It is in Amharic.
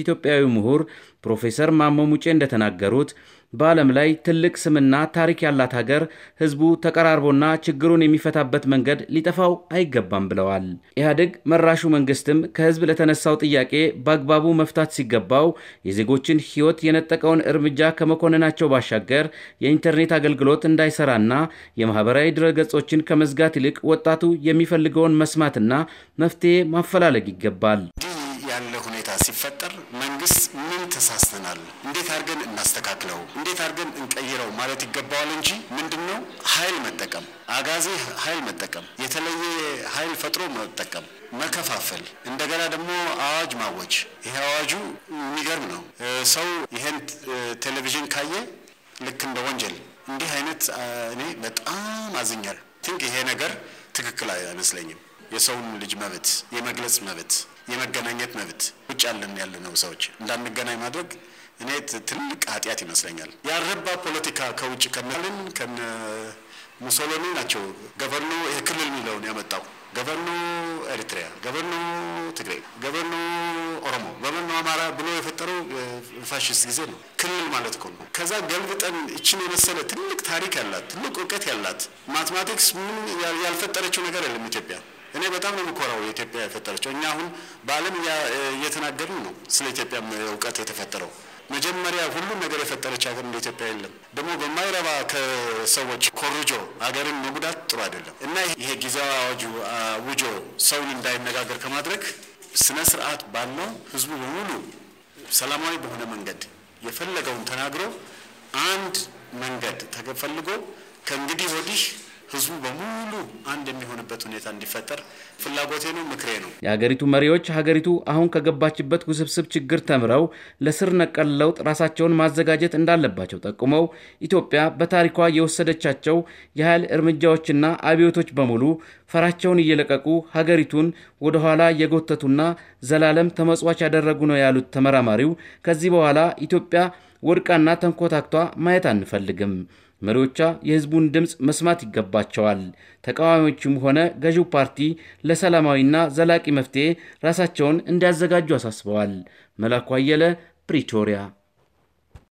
ኢትዮጵያዊ ምሁር ፕሮፌሰር ማሞ ሙጬ እንደተናገሩት በዓለም ላይ ትልቅ ስምና ታሪክ ያላት ሀገር ህዝቡ ተቀራርቦና ችግሩን የሚፈታበት መንገድ ሊጠፋው አይገባም ብለዋል። ኢህአዴግ መራሹ መንግስትም ከህዝብ ለተነሳው ጥያቄ በአግባቡ መፍታት ሲገባው የዜጎችን ህይወት የነጠቀውን እርምጃ ከመኮንናቸው ባሻገር የኢንተርኔት አገልግሎት እንዳይሰራና የማህበራዊ ድረገጾችን ከመዝጋት ይልቅ ወጣቱ የሚፈልገውን መስማትና መፍትሄ ማፈላለግ ይገባል። ያለ ሁኔታ ሲፈጠር መንግስት ምን ተሳስተናል፣ እንዴት አድርገን እናስተካክለው፣ እንዴት አድርገን እንቀይረው ማለት ይገባዋል እንጂ ምንድን ነው ኃይል መጠቀም፣ አጋዜ ኃይል መጠቀም፣ የተለየ ኃይል ፈጥሮ መጠቀም፣ መከፋፈል፣ እንደገና ደግሞ አዋጅ ማወጅ። ይሄ አዋጁ የሚገርም ነው። ሰው ይሄን ቴሌቪዥን ካየ ልክ እንደ ወንጀል እንዲህ አይነት እኔ በጣም አዝኛል። ትንቅ ይሄ ነገር ትክክል አይመስለኝም። የሰውን ልጅ መብት የመግለጽ መብት የመገናኘት መብት ውጭ ያለን ያለነው ሰዎች እንዳንገናኝ ማድረግ እኔ ትልቅ ኃጢአት ይመስለኛል። ያልረባ ፖለቲካ ከውጭ ከናልን ከነ ሙሶሎኒ ናቸው። ገቨርኖ የክልል የሚለውን ያመጣው ገቨርኖ ኤሪትሪያ፣ ገቨርኖ ትግራይ፣ ገቨርኖ ኦሮሞ፣ ገቨርኖ አማራ ብሎ የፈጠረው ፋሽስት ጊዜ ነው። ክልል ማለት እኮ ነው። ከዛ ገልብጠን እችን የመሰለ ትልቅ ታሪክ ያላት ትልቅ እውቀት ያላት ማትማቲክስ ምን ያልፈጠረችው ነገር የለም ኢትዮጵያ እኔ በጣም ነው የምኮራው የኢትዮጵያ የፈጠረችው። እኛ አሁን በዓለም እየተናገርን ነው ስለ ኢትዮጵያ እውቀት የተፈጠረው። መጀመሪያ ሁሉም ነገር የፈጠረች ሀገር እንደ ኢትዮጵያ የለም። ደግሞ በማይረባ ከሰዎች ኮርጆ ሀገርን መጉዳት ጥሩ አይደለም እና ይሄ ጊዜያዊ አዋጁ አውጆ ሰውን እንዳይነጋገር ከማድረግ ስነ ስርዓት ባለው ህዝቡ በሙሉ ሰላማዊ በሆነ መንገድ የፈለገውን ተናግሮ አንድ መንገድ ተፈልጎ ከእንግዲህ ወዲህ ህዝቡ በሙሉ አንድ የሚሆንበት ሁኔታ እንዲፈጠር ፍላጎቴ ነው፣ ምክሬ ነው። የሀገሪቱ መሪዎች ሀገሪቱ አሁን ከገባችበት ውስብስብ ችግር ተምረው ለስር ነቀል ለውጥ ራሳቸውን ማዘጋጀት እንዳለባቸው ጠቁመው ኢትዮጵያ በታሪኳ የወሰደቻቸው የኃይል እርምጃዎችና አብዮቶች በሙሉ ፈራቸውን እየለቀቁ ሀገሪቱን ወደኋላ የጎተቱና ዘላለም ተመጽዋች ያደረጉ ነው ያሉት ተመራማሪው ከዚህ በኋላ ኢትዮጵያ ወድቃና ተንኮታክቷ ማየት አንፈልግም። መሪዎቿ የህዝቡን ድምፅ መስማት ይገባቸዋል። ተቃዋሚዎችም ሆነ ገዢው ፓርቲ ለሰላማዊና ዘላቂ መፍትሄ ራሳቸውን እንዲያዘጋጁ አሳስበዋል። መላኩ አየለ ፕሪቶሪያ